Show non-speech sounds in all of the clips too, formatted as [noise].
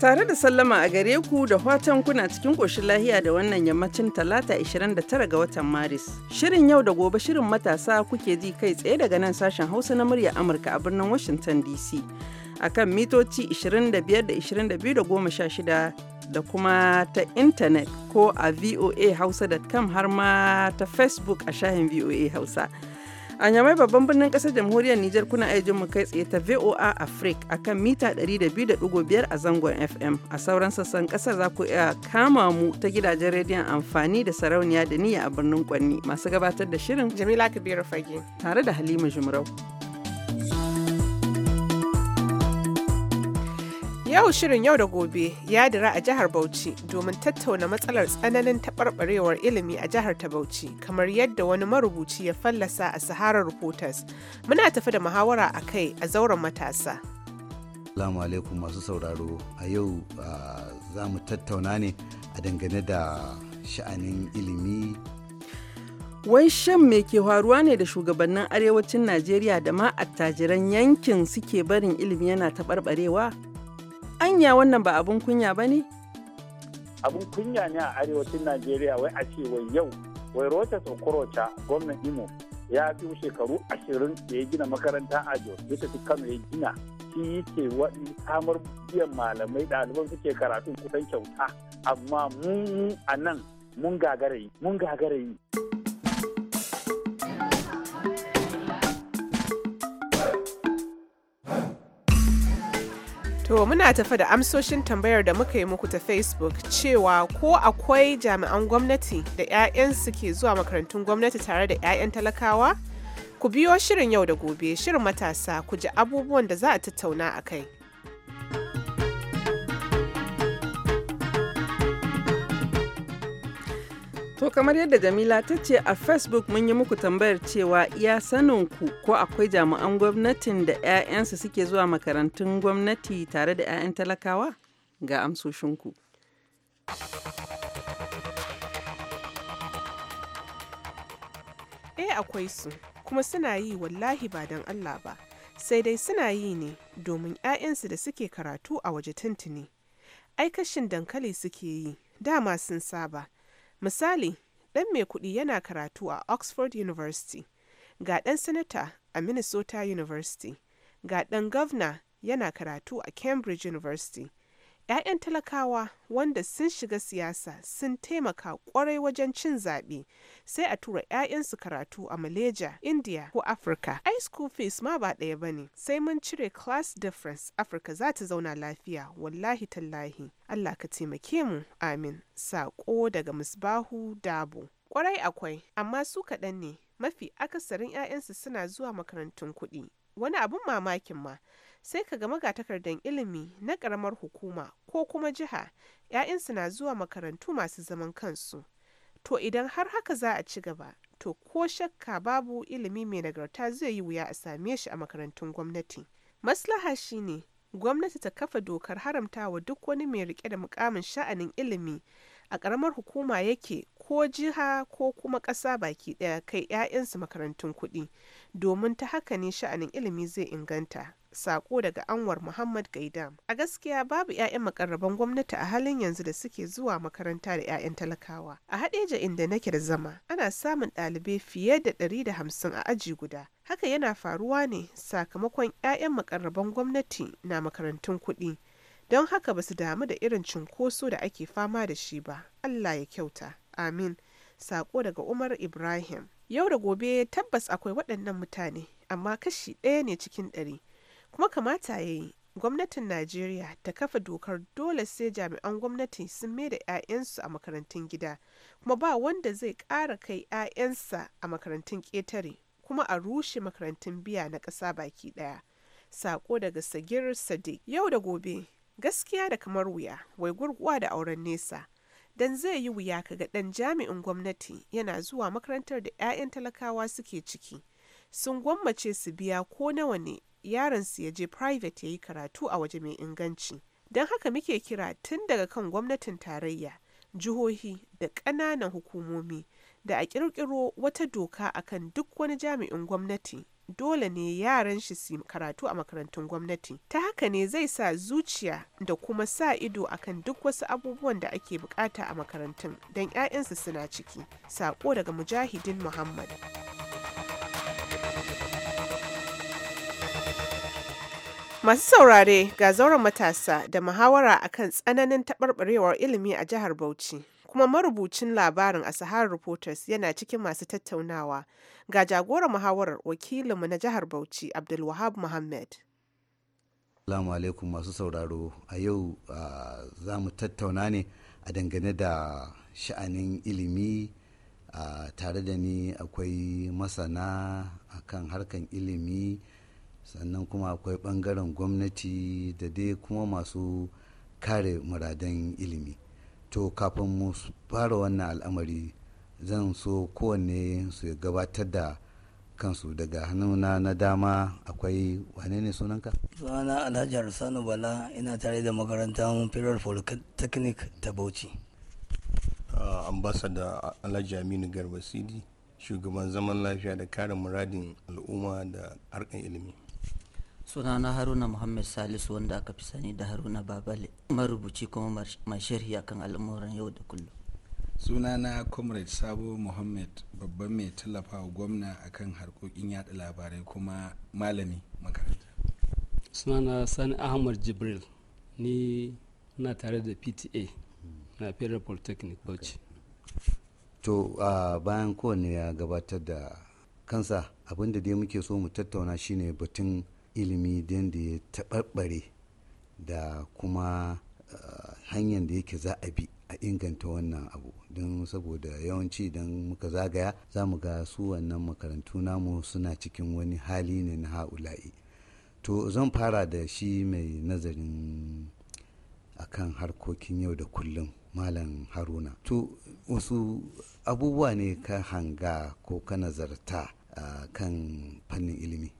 Tare da sallama a gare ku da watan kuna cikin ƙoshin lahiya da wannan yammacin talata 29 ga watan Maris. Shirin yau da gobe shirin matasa kuke ji kai tsaye daga nan sashen Hausa na murya Amurka a birnin Washington DC. akan mitoci 25 da da kuma ta intanet ko a voa voahausa.com har ma ta Facebook a shahin VOA Hausa. A nyamai babban birnin kasar jamhuriyar Nijar kuna iya mu kai tsaye ta VOA Africa akan mita 200.5 a zangon FM. A sauran sassan kasar za ku iya kama mu ta gidajen rediyon amfani da sarauniya da niyya a birnin Kwanni. Masu gabatar da shirin Jamila Kabiru Fage tare da Halima Jumrau. Yau shirin yau da gobe ya dira a jihar Bauchi domin tattauna matsalar tsananin taɓarɓarewar ilimi a jihar ta Bauchi kamar yadda wani marubuci ya fallasa a Sahara Reporters. Muna tafi da muhawara a kai a zauren matasa. Salamu alaikum masu sauraro a yau za mu tattauna ne a dangane da sha'anin ilimi wai shan me ke faruwa ne da shugabannin arewacin najeriya da ma attajiran yankin suke barin ilimi yana taɓarɓarewa Anya wannan ba abun kunya ba ne? Abun kunya ne a arewacin Najeriya wai a ce wai yau wai Rochas Okorocha gwamnan Imo ya fi shekaru ashirin da ya gina makaranta a Jos ya tafi Kano ya gina shi yake wani samar biyan malamai ɗaliban suke karatun kusan kyauta amma mun a nan mun gagara yi mun gagara yi. To muna tafa da amsoshin tambayar da muka yi muku ta Facebook cewa ko akwai jami'an gwamnati da 'ya'yansu ke zuwa makarantun gwamnati tare da 'ya'yan talakawa? Ku biyo shirin yau da gobe, shirin matasa, ku ji abubuwan da za a tattauna a kai. To kamar yadda Jamila ta ce a Facebook mun yi muku tambayar cewa iya saninku ko akwai jami'an gwamnatin da 'ya'yansu suke zuwa makarantun gwamnati tare da 'ya'yan talakawa ga amsoshinku. Eh akwai su, kuma suna yi wallahi ba don Allah ba, sai dai suna yi ne domin 'ya'yansu da suke karatu a waje tuntuni. Aikashin dankali suke yi, dama sun saba. Misali, ɗan mai kuɗi yana karatu a Oxford University, ga ɗan Sanata a Minnesota University, ga ɗan Gwamna yana karatu a Cambridge University. 'ya'yan talakawa wanda sun shiga siyasa sun taimaka kwarai wajen cin zaɓe sai a tura 'ya'yansu karatu a Malaysia, India ko Afirka. Ai school fees ma ba ɗaya ba ne, sai mun cire class difference Afirka za ta zauna lafiya wallahi tallahi. Allah ka taimake mu, amin. Saƙo daga Misbahu Dabo. Kwarai akwai, amma su kaɗan ne, mafi akasarin 'ya'yansu suna zuwa makarantun kuɗi. Wani abin mamakin ma, sai ka ga magatakardan ilimi na karamar hukuma ko kuma jiha 'ya'yansu na zuwa makarantu masu zaman kansu to idan har haka za a ci gaba to ko shakka babu ilimi mai nagarta zai yi wuya a same shi a makarantun gwamnati maslaha shine gwamnati ta kafa dokar haramta wa duk wani mai rike da mukamin sha'anin ilimi a ƙaramar hukuma yake ko jiha ko kuma ƙasa baki ɗaya kai 'ya'yansu makarantun kuɗi domin ta haka ne sha'anin ilimi zai inganta sako daga anwar muhammad gaidam a gaskiya babu 'ya'yan makarraban gwamnati a halin yanzu da suke zuwa makaranta da 'ya'yan talakawa a haɗeja inda nake da zama ana samun ɗalibai fiye da 150 a aji guda haka yana faruwa ne sakamakon 'ya'yan makarraban gwamnati na makarantun kuɗi don haka ba su damu da irin cunkoso da ake fama da shi ba Allah ya kyauta amin saƙo daga Umar Ibrahim yau da gobe tabbas akwai waɗannan mutane amma kashi ɗaya ne cikin ɗari kuma kamata ya yi gwamnatin Najeriya ta kafa dokar dole sai jami'an gwamnati sun mai da 'ya'yansu a makarantun gida kuma ba wanda zai ƙara kai 'ya'yansa a makarantun ƙetare kuma a rushe makarantun biya na ƙasa baki ɗaya. saƙo daga Sagir Sadiq yau da gobe gaskiya da kamar wuya wai gurguwa da auren nesa dan zai yi wuya kaga ɗan jami'in gwamnati yana zuwa makarantar da 'ya'yan talakawa suke ciki sun gwammace su biya ko nawa ne yaron su ya je private ya yi karatu a waje mai inganci don haka muke kira tun daga kan gwamnatin tarayya jihohi da ƙananan hukumomi da a ƙirƙiro wata doka akan duk wani jami'in gwamnati dole ne yaran shi su karatu a makarantun gwamnati ta haka ne zai sa zuciya da kuma sa ido akan duk wasu abubuwan da ake bukata a makarantun don 'ya'yansu suna ciki sako daga mujahidin muhammad Masu saurare ga zauren matasa da muhawara akan tsananin taɓarɓarewar ilimi a jihar Bauchi. kuma marubucin labarin a Sahara Reporters yana cikin masu tattaunawa ga jagoran muhawarar wakilinmu na jihar Bauchi Abdulwahab Muhammad. Assalamu alaikum masu sauraro a yau ah, za mu tattauna ne a dangane da sha'anin ilimi ah, tare da ni akwai masana akan harkan ilimi sannan kuma akwai bangaren gwamnati da dai kuma masu kare muradan ilimi. to kafin mu fara wannan al'amari zan so kowanne su gabatar da kansu daga hannuna na dama akwai wane ne sunanka? sunana alhaji harsanu bala ina tare da makarantar firar polytechnic ta bauchi ambasada alhaji aminu garba sidi shugaban zaman lafiya da kare muradin al'umma da harkar ilimi sunana haruna muhammad salisu wanda aka fi sani da haruna babale marubuci kuma mai sharhi akan al'amuran yau da kullum sunana comrade sabo muhammad babban mai tallafa wa gwamna akan harkokin yada labarai kuma malami makaranta sunana sani ahmad jibril ni na tare da pta na federal polytechnic bauchi to a bayan kowane ya gabatar da kansa abinda dai muke so mu tattauna shine batun ilimi da ya taɓarɓare da kuma eh, hanyar da yake za a bi a inganta wannan abu don saboda yawanci idan muka zagaya za mu ga su wannan makarantu namu suna cikin wani hali ne na ha'ula'i to zan fara da shi mai nazarin akan harkokin yau da kullum malam haruna to wasu abubuwa ne ka hanga ko ka nazarta eh, kan fannin ilimi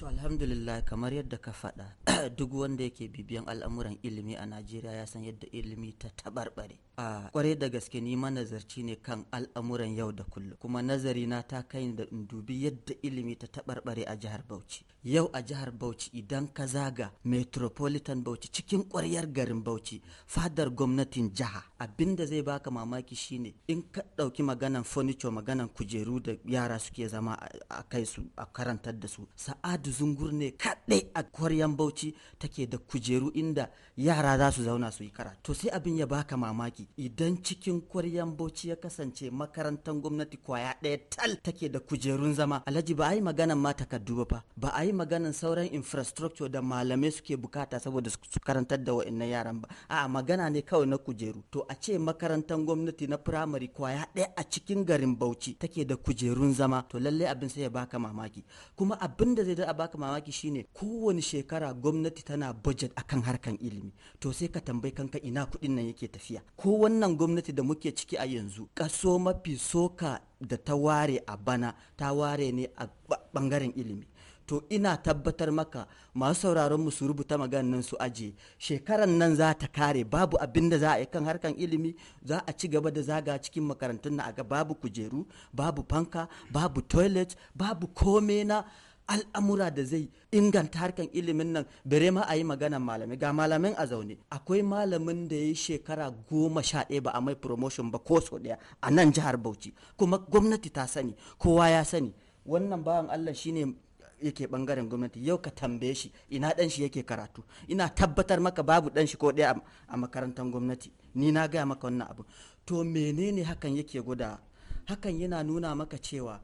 to alhamdulillah kamar yadda ka faɗa [clears throat] duk wanda yake bibiyan al'amuran ilimi a najeriya ya san yadda ilimi ta taɓarɓare a kwarai da gaske ni nazarci ne kan al'amuran yau da kullum kuma nazari na ta kai da dubi yadda ilimi ta taɓarɓare a jihar Bauchi yau a jihar Bauchi idan ka zaga metropolitan Bauchi cikin ƙwaryar garin Bauchi fadar gwamnatin jiha abinda zai baka mamaki shine in ka ɗauki maganan furniture maganan kujeru da yara suke zama a kai su a karantar da su sa'adu zungur ne kaɗai a ƙwaryan Bauchi take da kujeru inda yara za su zauna su yi karatu to sai abin ya baka mamaki idan cikin kwaryan bauchi ya kasance makarantar gwamnati kwaya ɗaya tal take da kujerun zama alhaji ba a yi maganan ma takardu ba fa ba a yi maganan sauran infrastructure da malamai suke bukata saboda su karantar da wa'annan yaran ba a'a magana ne kawai na kujeru to a ce makarantar gwamnati na firamare kwaya ɗaya a cikin garin bauchi take da kujerun zama to lalle abin sai ya baka mamaki kuma abin da zai da baka mamaki shine kowani shekara gwamnati tana budget akan harkan ilimi to sai ka tambayi kanka ina kuɗin nan yake tafiya ko wannan gwamnati da muke ciki a yanzu kaso mafi soka da ta ware a bana ta ware ne a bangaren ilimi to ina tabbatar maka masu sauraron su rubuta maganin su aje shekaran nan za ta kare babu abin da za a yi kan harkan ilimi za a ci gaba da zaga cikin makarantun na aga babu kujeru babu fanka babu toilet babu komena al'amura da zai inganta harkan ilimin nan bare ma a yi maganan malami ga malamin a zaune akwai malamin da ya yi shekara goma sha ɗaya ba a mai promotion ba ko so ɗaya a nan jihar bauchi kuma gwamnati ta sani kowa ya sani wannan bawan allah shine yake bangaren gwamnati yau ka tambaye shi ina dan shi yake karatu ina tabbatar maka babu dan shi ko ɗaya a makarantar gwamnati ni na gaya maka wannan abu to menene hakan yake guda hakan yana nuna maka cewa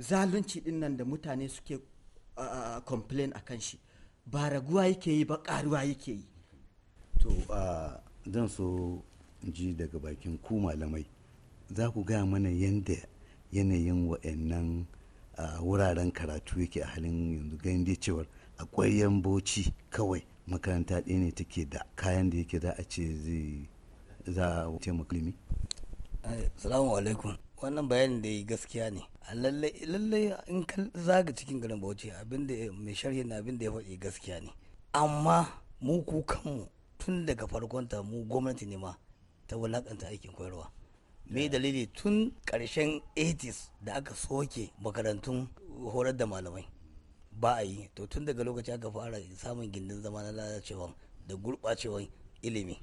zalunci din nan da mutane suke complain a kan shi ba raguwa yake yi ba karuwa yake yi to zan so ji daga bakin ku malamai za ku gaya mana yadda yanayin wa'annan wuraren karatu yake a halin yanzu ganin dai cewar akwai yamboci kawai makaranta ɗaya ne take da kayan da yake za a ce za a taimaka limi. alaikum. wannan bayanin da yi gaskiya ne lallai in ka zaga cikin garin bauchi abinda mai sharhi na abinda ya faɗi gaskiya ne amma mu ku kanmu tun daga farkon ta mu gwamnati ne ma ta wulakanta aikin koyarwa me dalili tun ƙarshen 80s da aka soke makarantun horar da malamai ba a yi to tun daga lokaci aka fara samun gindin zama na lalacewa da gurɓacewa ilimi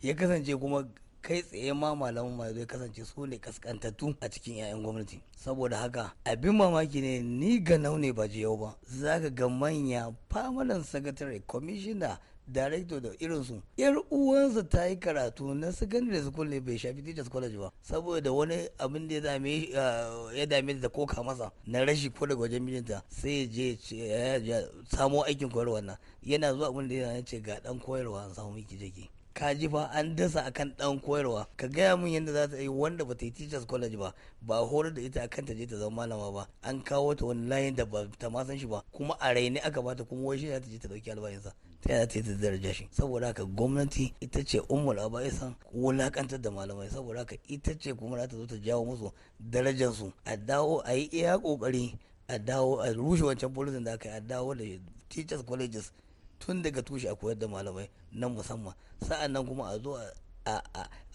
ya kasance kuma kai tsaye ma malaman ma zai kasance su ne kaskantattu a cikin 'ya'yan gwamnati saboda haka abin mamaki ne ni ga naune ba yau ba za ka ga manya famalan sakatare kwamishina director da irinsu yar uwansa ta yi karatu na secondary school ne bai shafi teachers college ba saboda wani abin da ya dame ah, da koka masa na rashi ko daga wajen mijinta sai je samo aikin koyarwa nan yana zuwa abin da ya ce ga dan koyarwa an samu miki jiki ka ji fa an dasa akan dan koyarwa ka gaya min yadda za ta yi wanda ba ta yi teachers college ba ba horar da ita akan ta je ta zama malama ba an kawo ta wani layin da ba ta ma san shi ba kuma a raini aka bata kuma wai shi za ta je ta dauki albayansa ta yi ta yi ta daraja shi saboda haka gwamnati ita ce ummul abaisan wulakantar da malamai saboda haka ita ce kuma za ta zo ta jawo musu darajarsu a dawo a yi iya kokari a dawo a rushe wancan polisin da aka yi a dawo da teachers colleges tun daga tushe a koyar da malamai na musamman sa'an nan kuma a zo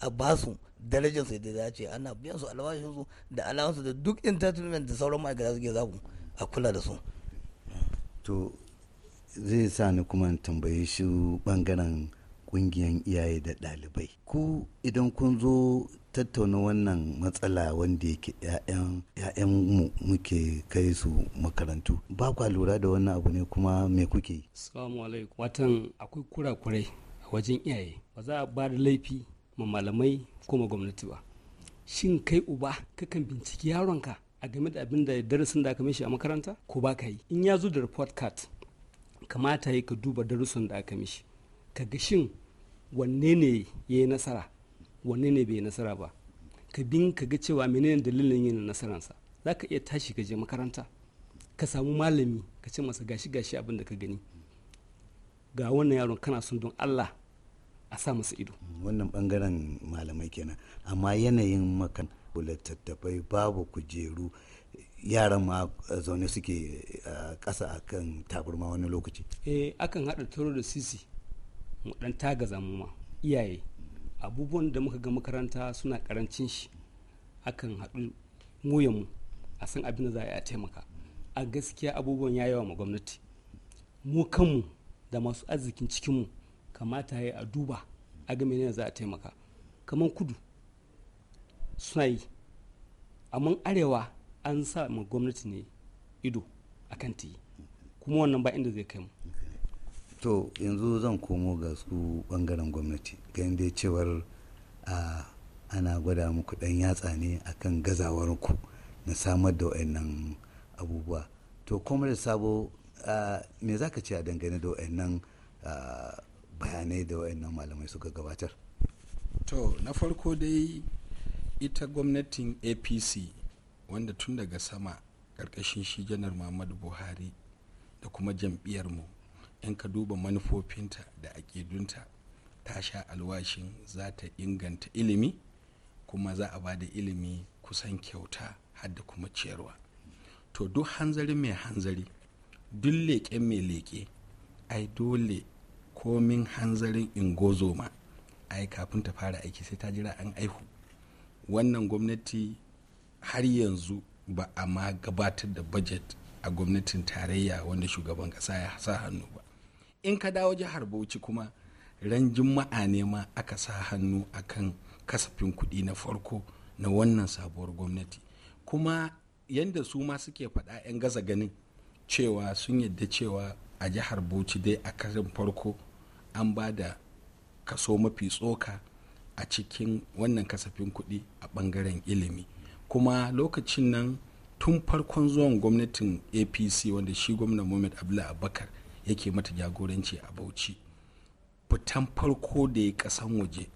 a ba su darajar su da dace ana biyan su albashin su da alawansu da duk entertainment da sauran ma'aikata suke zabu a kula da su to zai sa ni kuma tambaye shi bangaren kungiyan iyaye da ɗalibai ku idan kun zo tattauna wannan matsala wanda yake 'ya'yan mu muke kai su makarantu ba kwa lura da wannan abu ne kuma me kuke yi salamu alaikum watan akwai kurakurai a wajen iyaye ba za a ba da laifi ma malamai ko ma gwamnati ba shin kai uba kakan binciki yaronka a game da abin da darasin da aka mishi a makaranta ko ba ka yi in ya zo da report card kamata yi ka duba darasin da aka mishi ka ga shin wanne ne ya yi nasara wanne ne bai yi nasara ba ka bin ka ga cewa menene dalilin yin sa za ka iya tashi ka je makaranta ka samu malami ka ce masa gashi gashi abin da ka gani ga wannan yaron kana son don allah a sa masa ido wannan bangaren malamai kenan amma yanayin makan littattafai babu kujeru yaran ma zaune suke kasa eh, akan taburma wani lokaci eh akan haɗa taro da sisi mu dan tagaza mu ma iyaye abubuwan da muka ga makaranta suna karancin shi akan haɗu muyan mu a san abin da za a taimaka a gaskiya abubuwan ya yawa ma gwamnati mu kanmu da masu arzikin cikinmu kamata ya a duba a ga menene za a taimaka kamar kudu suna yi amma arewa an sa ma gwamnati ne ido a kan ta yi kuma wannan ba inda zai kai mu to yanzu zan komo ga su bangaren gwamnati ga dai cewar ana gwada muku dan yatsa ne a akan gazawarku na samar da wayannan abubuwa to da sabo me za ka ce a dangane da wayannan bayanai da wayannan malamai suka gabatar to na farko dai ita gwamnatin apc wanda tun daga sama ƙarƙashin shi janar muhammadu buhari da kuma jam'iyyar mu in ka duba manufofinta da aƙidunta ta sha alwashin za ta inganta ilimi kuma za a ba da ilimi kusan kyauta har kuma ciyarwa to duk hanzari mai hanzari duk leƙe mai leƙe ai dole komin hanzarin in ingozoma ai kafin ta fara aiki sai ta jira an aihu wannan gwamnati har yanzu ba a ma gabatar da budget a gwamnatin tarayya wanda shugaban ƙasa ya sa hannu ba in ka dawo jihar bauchi kuma ranjin juma'a ne ma aka sa hannu akan kasafin kuɗi na farko na wannan sabuwar gwamnati kuma yadda su ma suke faɗa 'yan gaza ganin cewa sun yadda cewa a jihar bauchi dai a karin farko an ba da kaso mafi tsoka a cikin wannan kasafin kuɗi a ɓangaren ilimi kuma lokacin nan tun farkon zuwan gwamnatin apc wanda shi gwamna muhammad abdullahi abubakar yake mata jagoranci a bauchi fitan farko da ya kasan waje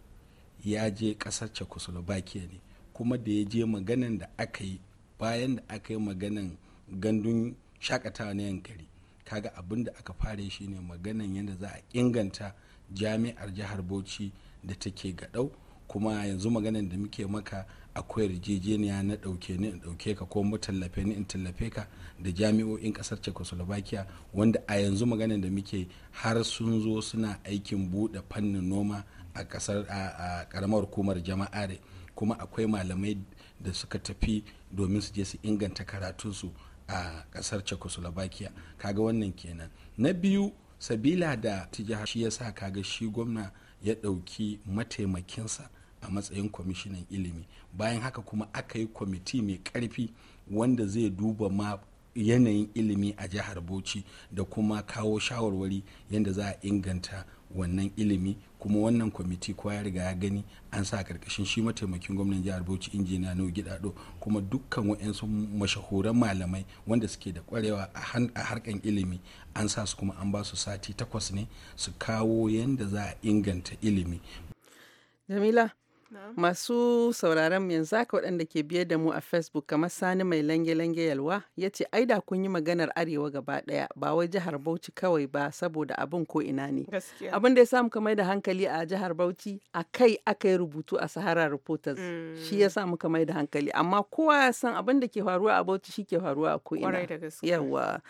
ya je kasar czechoslovakia ne kuma da ya je maganan da aka yi bayan da aka yi maganan gandun shakatawa na yankari kaga abin da aka fara shi ne maganan yadda za a inganta jami'ar jihar bauchi da take gaɗau kuma yanzu maganan da muke maka akwai yarjejeniya na ɗauke ni in ɗauke ka ko mu tallafe ni in tallafe ka da jami'o'in ƙasar czechoslovakia wanda a yanzu maganin da muke har sun zo suna aikin buɗe fannin noma a ƙasar a ƙaramar hukumar jama'are kuma akwai malamai da suka tafi domin su je su inganta karatunsu a ƙasar czechoslovakia kaga wannan kenan na biyu sabila da tijahar shi ya sa kaga shi gwamna ya ɗauki mataimakinsa a matsayin kwamishinan ilimi bayan haka kuma aka yi kwamiti mai karfi wanda zai duba ma yanayin ilimi a jihar bauchi da kuma kawo shawarwari yadda za a inganta wannan ilimi kuma wannan kwamiti kowa ya riga ya gani an sa karkashin shi mataimakin gwamnan jihar bauchi injiniya nau gidado kuma dukkan wa'yansu mashahuran malamai wanda suke da kwarewa a harkan ilimi an sa su kuma an ba su sati takwas ne su kawo yadda za a inganta ilimi jamila Masu sauraron yanzu haka waɗanda ke biye da mu a Facebook kamar Sani mai lange-lange yalwa ya ce ai da kun yi maganar arewa gaba ɗaya ba wai jihar Bauchi kawai ba saboda abin ko ina ne. Abin da ya samu kamar da hankali a jihar Bauchi a kai aka yi rubutu a Sahara Reporters shi ya mm. samu kamar da hankali amma kowa ya san abin da ke faruwa a Bauchi shi ke faruwa a ko ina. Yawa.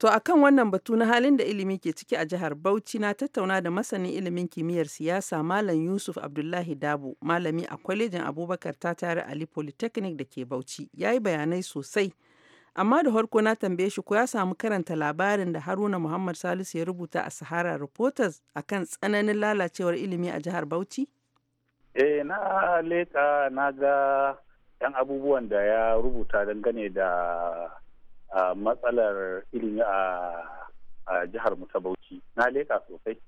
To a kan wannan batu na halin da ilimi ke ciki a jihar Bauchi na tattauna da masanin ilimin kimiyyar siyasa Malam Yusuf Abdullahi Dabo, malami a kwalejin Abubakar ta tare Ali Polytechnic da ke Bauchi. Ya yi bayanai sosai. Amma da harko na tambaye shi ko ya samu karanta labarin da Haruna Muhammad Salisu ya rubuta a Sahara Reporters akan tsananin lalacewar ilimi a jihar Bauchi? Eh na leka na ga 'yan abubuwan da ya rubuta dangane da matsalar ilimi a jihar mu ta Bauchi na leka sosai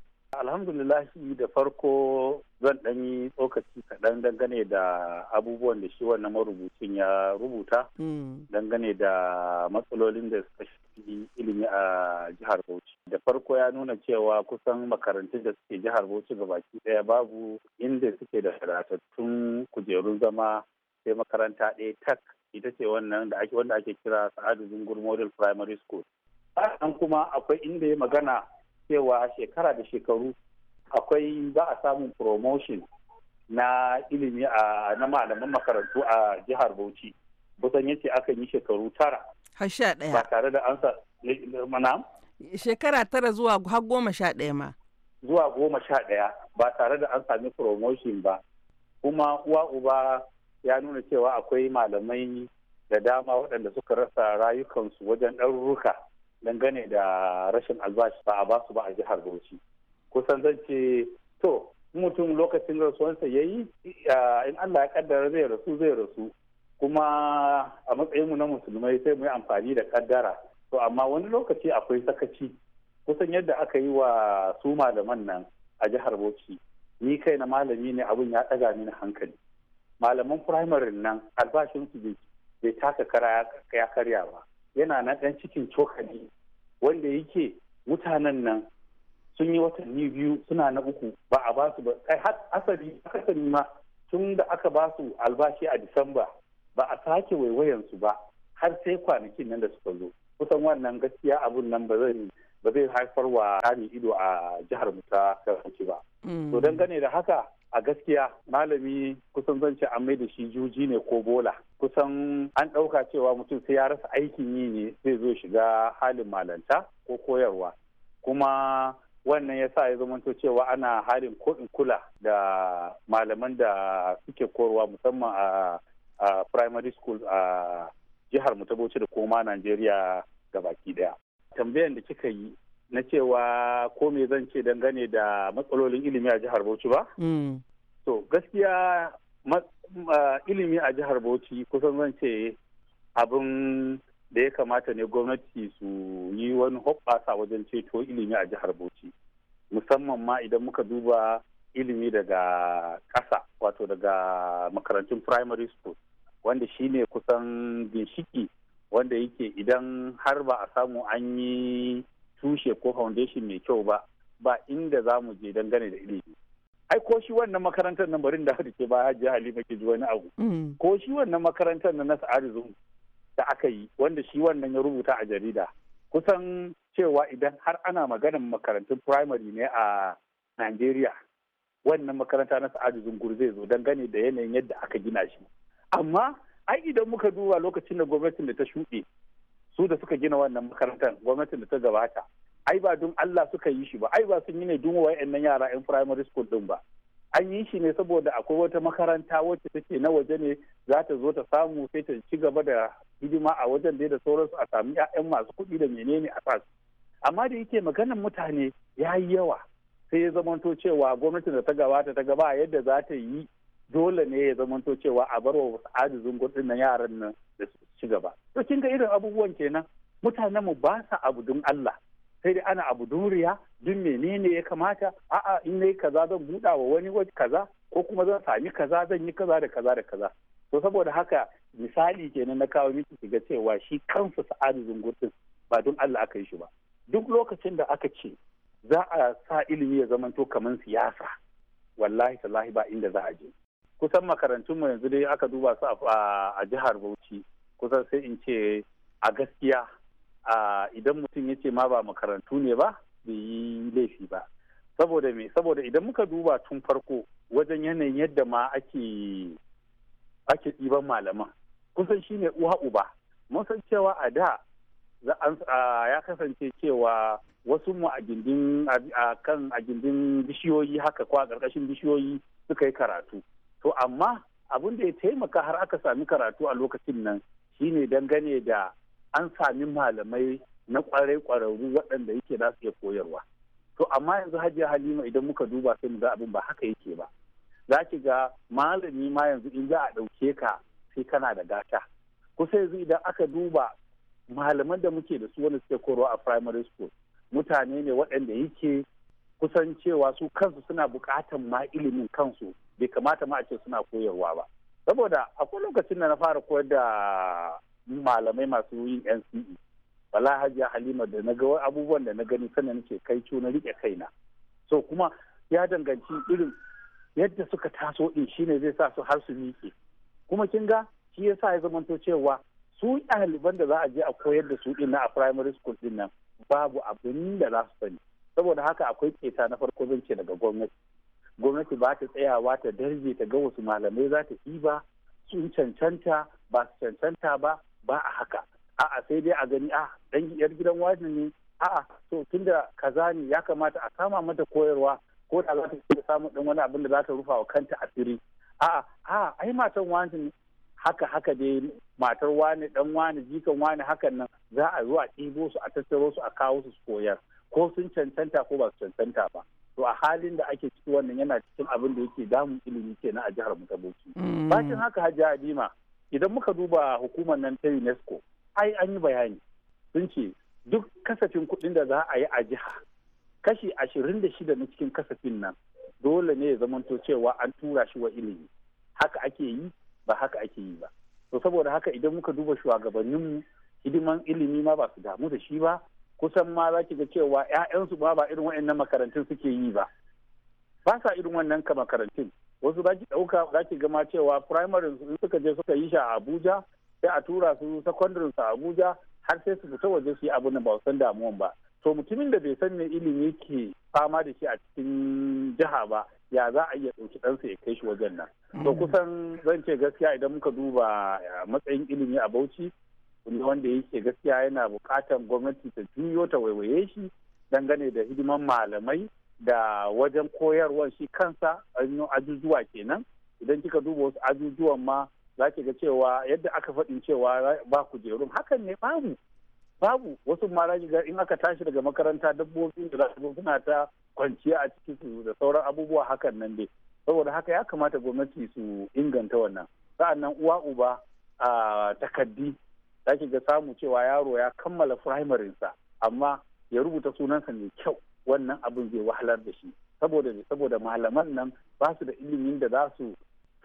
alhamdulillah da farko zan ɗan yi tsokaci kaɗan dangane da abubuwan da shi wannan marubucin ya rubuta hmm. dangane da matsalolin da suka shafi ilimi a jihar bauchi da farko ya nuna cewa kusan makarantun da suke jihar bauchi baki daya babu inda suke da wadatattun kujerun zama sai makaranta ɗaya tak ita ce wannan da ake wanda ake kira Sa'adu Zungur Model Primary School. Sannan kuma akwai inda ya magana cewa shekara da shekaru akwai za a samun promotion na ilimi a na malaman makarantu a jihar Bauchi. Busan yace akan yi shekaru tara. Har sha ɗaya. Ba tare da an mana? Shekara tara zuwa har goma sha ɗaya ma. Zuwa goma sha ɗaya ba tare da an sami promotion ba. Kuma uwa uba ya nuna cewa akwai malamai da dama waɗanda suka rasa rayukansu wajen ɗaruruka dangane da rashin albashi ba a basu ba a jihar Bauchi. Kusan zan ce to mutum lokacin rasuwansa ya yi in Allah ya kaddara zai rasu zai rasu kuma a matsayinmu na musulmai sai mu yi amfani da kaddara to amma wani lokaci akwai sakaci kusan yadda aka yi wa su malaman nan a jihar Bauchi ni kai na malami ne abun ya ɗaga mini hankali malaman firamare nan albashin su bai taka kara ya karya ba yana na dan cikin cokali wanda yake mutanen nan sun yi watanni biyu suna na uku ba a ba su ba Kai asali akasari ma tun da aka ba su albashi a disamba ba a sake waiwayansu ba har sai kwanakin nan da suka zo kusan wannan gaskiya abun nan ba zai ba zai haifar wa ido a jihar mu ta ba mm. to dangane da haka a gaskiya malami kusan zan ce an mai da shi juji ne ko bola kusan an ɗauka cewa mutum sai ya rasa aikin yi ne zai zo shiga halin malanta ko koyarwa kuma wannan ya sa ya zamanto cewa ana halin koɗin kula da malaman da suke korwa musamman a primary school a jihar mu ta bauchi da koma najeriya gabaki daya tambayan da kika yi na cewa ko me zan ce dangane da matsalolin ilimi a jihar Bauchi ba? Mm. To gaskiya ilimi a jihar Bauchi kusan zan ce abin da ya kamata ne gwamnati su yi wani hoɓɓasa wajen ceto ilimi a jihar Bauchi. Musamman ma idan muka duba ilimi daga ƙasa wato daga makarantun primary school wanda shi ne kusan ginshiki wanda yake idan har ba a samu an yi tushe ko foundation mai kyau ba ba inda za mu je dangane da ilimi ai ko shi wannan makarantar nan barin da ke ba hajji halima ke ji wani abu mm. ko shi wannan makarantar na sa'adu zungu da aka yi wanda shi wannan ya rubuta a jarida kusan cewa idan har ana maganan makarantun primary ne a Najeriya wannan makaranta na sa'adu zungur zai zo dangane da yanayin yadda aka gina shi amma ai idan muka duba lokacin da gwamnatin da ta shuɗe su da suka gina wannan makarantar gwamnatin da ta gabata ai ba don Allah suka yi shi ba ai ba sun yi ne don wa'annan yara yan primary school din ba an yi shi ne saboda akwai wata makaranta wacce take na waje ne za ta zo ta samu sai ta ci gaba da hidima a wajen dai da sauransu a sami ƴaƴan masu kuɗi da menene a sa amma da yake maganan mutane ya yi yawa sai ya zamanto cewa gwamnatin da ta gabata ta gaba yadda za ta yi dole ne ya zamanto cewa a bar wa adizin gudun na yaran nan da su ci gaba to kin ga irin abubuwan kenan mutanen mu ba sa abu don Allah sai dai ana abu duriya duk menene ya kamata a'a in nayi kaza zan buɗa wa wani wani kaza ko kuma zan sami kaza zan yi kaza da kaza da kaza to saboda haka misali kenan na kawo miki ga cewa shi kansa sa'adu zungurtin ba don Allah aka yi shi ba duk lokacin da aka ce za a sa ilimi ya zamanto kamar siyasa wallahi tallahi ba inda za a je kusan makarantun mu yanzu dai aka duba su a jihar bauchi kusan sai in ce a gaskiya idan mutum ya ce ma ba makarantu ne ba bai yi laifi ba saboda me saboda idan muka duba tun farko wajen yanayin yadda ma ake ake ɗiban malaman kusan shine uwa uba mun san cewa a da ya kasance cewa wasu mu a gindin a kan a gindin bishiyoyi haka ko a ƙarƙashin bishiyoyi suka yi karatu to amma abin da ya taimaka har aka sami karatu a lokacin nan shine dangane da an sami malamai na kwarai kwararru waɗanda yake za su iya koyarwa to amma yanzu hajiya halima idan muka duba sai mu ga abin ba haka yake ba za ki ga malami ma yanzu in za a ɗauke ka sai kana da gata kusa yanzu idan aka duba malaman da muke da su wanda suke koyarwa a primary school mutane ne waɗanda yake kusan cewa su kansu suna buƙatan ma ilimin kansu bai kamata ma a ce suna koyarwa ba saboda akwai lokacin da na fara koyar da malamai masu yin NCE wala hajiya halima da na ga abubuwan da na gani sannan ce kai na rike kaina so kuma ya danganci irin yadda suka taso din ne zai sa su har su miƙe kuma kin ga shi sa ya zamanto cewa su ɗaliban da za a je a koyar da su ɗin na a primary school ɗin nan babu abin da za su sani saboda haka akwai keta na farko zan ce daga gwamnati gwamnati ba ta tsayawa ta darje ta ga wasu malamai za ta yi ba sun cancanta ba su cancanta ba ba a haka a'a sai dai a gani a ah, dan yar gidan wani ne a'a to tunda kaza ne ya kamata a kama mata koyarwa ko da za ta samu dan wani abin da za ta rufa wa kanta asiri a'a a ai matan wani ne haka haka dai matar wani dan wani jikan wani hakan nan za a zo a ɗibo su a tattaro su a kawo su koyar ko sun cancanta ko ba su cancanta ba to a halin da ake ciki wannan yana cikin abin da yake damun ilimi na a jihar mu ta Bauchi mm. bacin haka Hajiya Adima idan muka duba hukumar nan ta UNESCO ai an yi bayani sun ce duk kasafin kuɗin da za a yi a jiha kashi ashirin da shida na cikin kasafin nan dole ne ya zamanto cewa an tura shi wa ilimi haka ake yi ba haka ake yi ba to saboda haka idan muka duba shugabanninmu hidiman ilimi ma ba su damu da shi ba kusan ma za ki ga cewa 'ya'yansu ba ba irin wa'annan makarantun suke yi ba ba sa irin wannan ka makarantun wasu za ki ɗauka za ki gama cewa primary suka je suka yi shi a abuja sai a tura su secondary su a abuja har sai su fita waje su yi abu na ba san damuwan ba to mutumin da bai san me ilimi ke fama da shi a cikin jiha ba ya za a iya ɗauki ɗansa ya kai shi wajen nan to mm. kusan zan ce gaskiya idan muka duba matsayin ilimi a bauchi wanda yake gaskiya yana bukatan gwamnati ta juyo ta waiwaye shi dangane da hidiman malamai da wajen koyarwar shi kansa ajujuwa kenan idan kika duba wasu ajujuwan ma za ki ga cewa yadda aka faɗin cewa ba kujeru hakan ne babu babu wasu ma za ga in aka tashi daga makaranta dabbobin da za su suna ta kwanciya a cikin su da sauran abubuwa hakan nan dai saboda haka ya kamata gwamnati su inganta wannan sa'annan uwa uba a takaddi za ki ga samu cewa yaro ya kammala sa amma ya rubuta sunansa mai kyau wannan abin zai wahalar da shi saboda saboda malaman nan ba su da ilimin da za su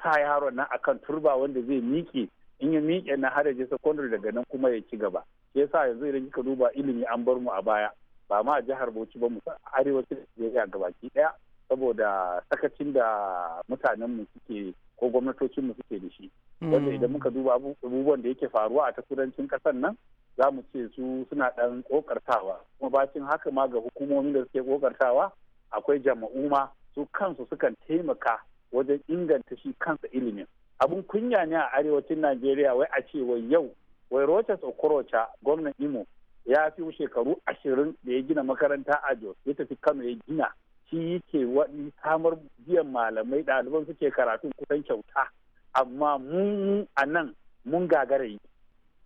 sa yaron nan akan turba wanda zai miƙe in ya miƙe na har je secondary daga nan kuma ya ci gaba shi yasa yanzu idan kika duba ilimi an bar mu a baya ba ma a jihar Bauchi ba mu arewacin Najeriya gabaki ɗaya saboda sakacin da mutanenmu suke ko gwamnatocinmu suke da shi wanda idan mm. muka duba abubuwan da yake faruwa a ta kudancin kasar nan za mu ce su suna ɗan kokartawa kuma bacin haka ma ga hukumomin da suke kokartawa akwai jama'u ma su kansu sukan taimaka wajen inganta shi kansa ilimin abun kunya ne a arewacin najeriya wai a ce wai yau wai rochas okorocha gwamnan imo ya fi shekaru ashirin da ya gina makaranta a jos ya tafi kano ya gina shi yake wani samar biyan malamai ɗaliban suke karatun kusan kyauta amma mun a nan mun gagara yi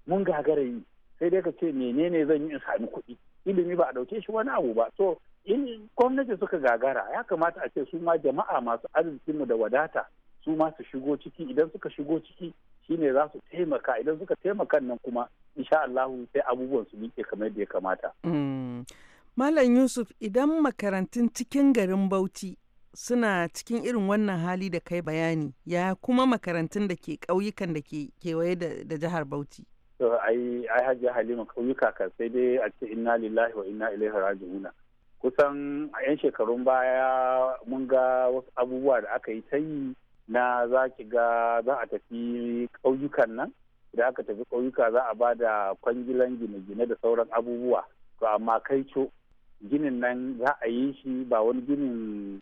mun gagara yi sai dai ka ce menene zan yi in sami kuɗi ilimi ba a ɗauke shi wani abu ba so in gwamnati suka gagara ya kamata a ce su ma jama'a masu arzikin mu da wadata su ma su shigo ciki idan suka shigo ciki shine za su taimaka idan suka taimaka nan kuma insha Allahu sai abubuwan su miƙe kamar yadda ya kamata. Mm. Malam Yusuf idan makarantun cikin garin Bauchi suna cikin irin wannan hali da kai bayani ya kuma makarantun da ke ƙauyukan da ke kewaye da jihar Bauchi. To ai ai hajji Halima ƙauyuka kan sai dai a ce inna lillahi wa inna ilaihi Kusan a 'yan shekarun baya mun ga wasu abubuwa da aka yi ta yi na za ki ga za a tafi ƙauyukan nan idan aka tafi ƙauyuka za a ba da kwangilan gine-gine da sauran abubuwa to amma kai co ginin nan za a yi shi ba wani ginin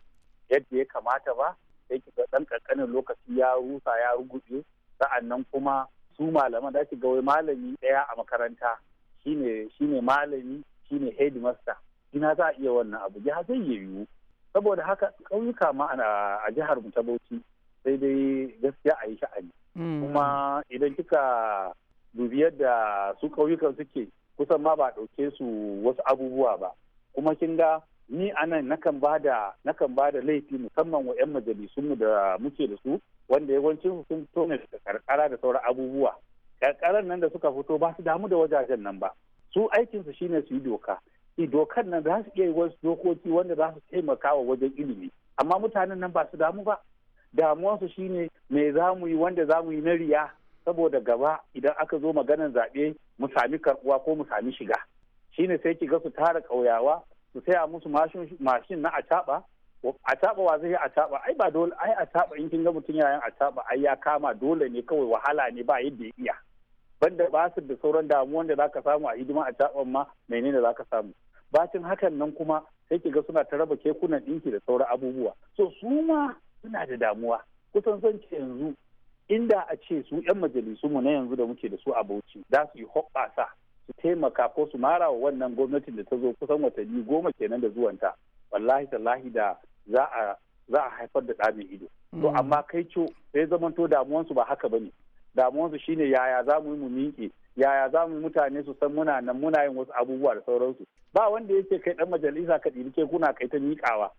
yadda ya kamata ba sai ki ga ɗan ƙanƙanin lokaci ya rusa ya ruguje sa'annan kuma su malaman da ki ga wai malami ɗaya a makaranta shi shine malami shine headmaster ina za a iya wannan abu ya zai yiwu saboda haka ƙauyuka ma a jihar mu ta Bauchi sai dai gaskiya a yi sha'ani mm. kuma idan kika dubi yadda su ƙauyukan suke kusan ma ba ɗauke su wasu abubuwa ba kuma kin ga ni anan nakan bada ba da laifi musamman wa 'yan majalisunmu da muke da su wanda yawancin sun tone da karkara da sauran abubuwa karkaran nan da suka fito ba su damu da wajajen nan ba su aikinsu shine su yi doka dokan nan za su iya yi wasu dokoki wanda za su taimaka wa wajen ilimi amma mutanen nan ba su damu ba damuwarsu shine me za mu yi wanda za mu yi na riya saboda gaba idan aka zo maganar zaɓe mu sami karɓuwa ko mu sami shiga shine sai ki ga su tara ƙauyawa su saya musu mashin na a acaba wa zai acaba ai ba dole ai acaba in kin ga mutum yana a acaba ai ya kama dole ne kawai wahala ne ba yadda ya iya banda ba su da sauran damuwan da zaka samu a hidima acaban ma menene zaka samu bacin hakan nan kuma sai ki ga suna ta raba kekunan ɗinki da sauran abubuwa so su ma suna da damuwa kusan san yanzu inda a ce su 'yan mu na yanzu da muke da su a bauchi za su yi hoɓɓasa su taimaka ko su mara wa wannan gwamnatin da ta zo kusan watanni goma kenan da zuwanta wallahi tallahi da za a za haifar da ɗamin ido to mm. amma kai co sai zamanto damuwansu ba haka bane damuwansu shine yaya za mu yi mu miƙe yaya za mu mutane su san muna nan muna yin wasu abubuwa da sauransu ba wanda yake kai dan majalisa ka ɗirke kuna kai ta miƙawa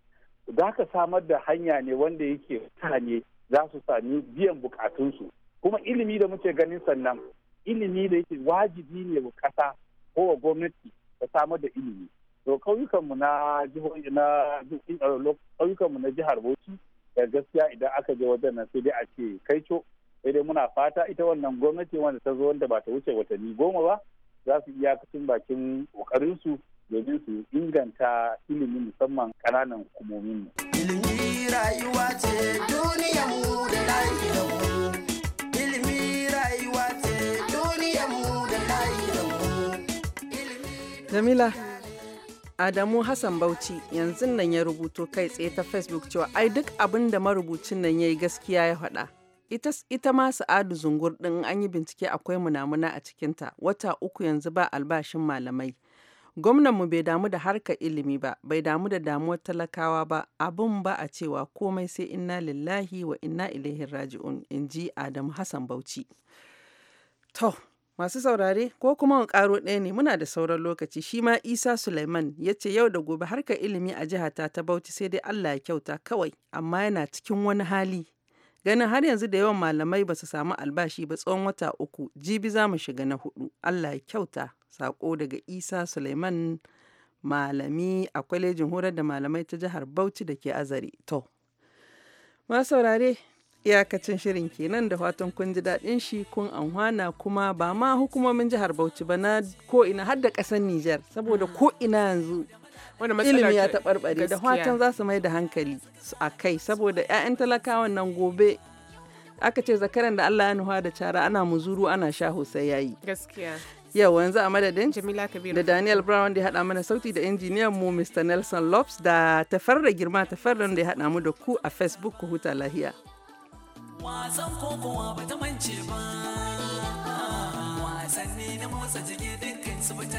za ka samar da hanya ne wanda yake mutane za su sami biyan bukatunsu kuma ilimi da muke ganin sannan ilimi da yake wajibi ne wa ƙasa ko wa gwamnati ta samar da ilimi to ƙauyukanmu na jihohi na ƙauyukanmu na jihar Bauchi da gaskiya idan aka je wajen nan sai dai a ce kai co sai dai muna fata ita wannan gwamnati wanda ta zo wanda ba ta wuce watanni goma ba za su iya iyakacin bakin ƙoƙarinsu domin su inganta ilimi musamman ƙananan hukumomin mu. Ilimi rayuwa ce duniyarmu da lafiyarmu. Jamila. Adamu Hassan Bauchi yanzu nan ya rubuto kai tsaye ta Facebook cewa ai duk abin da marubucin nan ya yi gaskiya ya faɗa. Ita, ma sa'adu zungur ɗin an yi bincike akwai munamuna a cikinta wata uku yanzu ba albashin malamai. gwamnan mu bai damu da harkar ilimi ba, bai damu da damuwar talakawa ba, abin ba a cewa komai sai inna lillahi wa inna ilaihi raji'un, in ji Adamu Hassan Bauchi. To, Masu saurare ko kuma karo ɗaya ne muna da sauran lokaci shi ma Isa Suleiman ya ce yau da gobe harkar ilimi a jihata ta Bauchi sai dai Allah ya kyauta kawai amma yana cikin wani hali. Ganin har yanzu da yawan malamai ba su samu albashi ba tsawon wata uku jibi za mu shiga na hudu Allah ya kyauta sako daga Isa Suleiman malami a kwalejin horar da malamai ta jihar Bauchi da ke Azare. To, masu saurare Iyakacin shirin kenan da fatan kun ji daɗin shi kun anhwana kuma ba ma hukumomin jihar Bauchi ba na ko ina har da ƙasar Nijar saboda ko ina yanzu ilimi ya taɓarɓare da fatan za su mai da hankali a kai saboda 'ya'yan talakawan nan gobe aka ce zakaran da Allah ya nuha da cara ana muzuru ana sha sai yayi gaskiya yau yanzu a madadin Jamila Kabiru da Daniel Brown da ya haɗa mana sauti da injiniyan mu Mr. Nelson Lopes da tafarra girma tafarran da ya haɗa mu da ku a Facebook ku huta lahiya wasan kokowa ba ta mance ba wasanni na motsa jiki dukkan su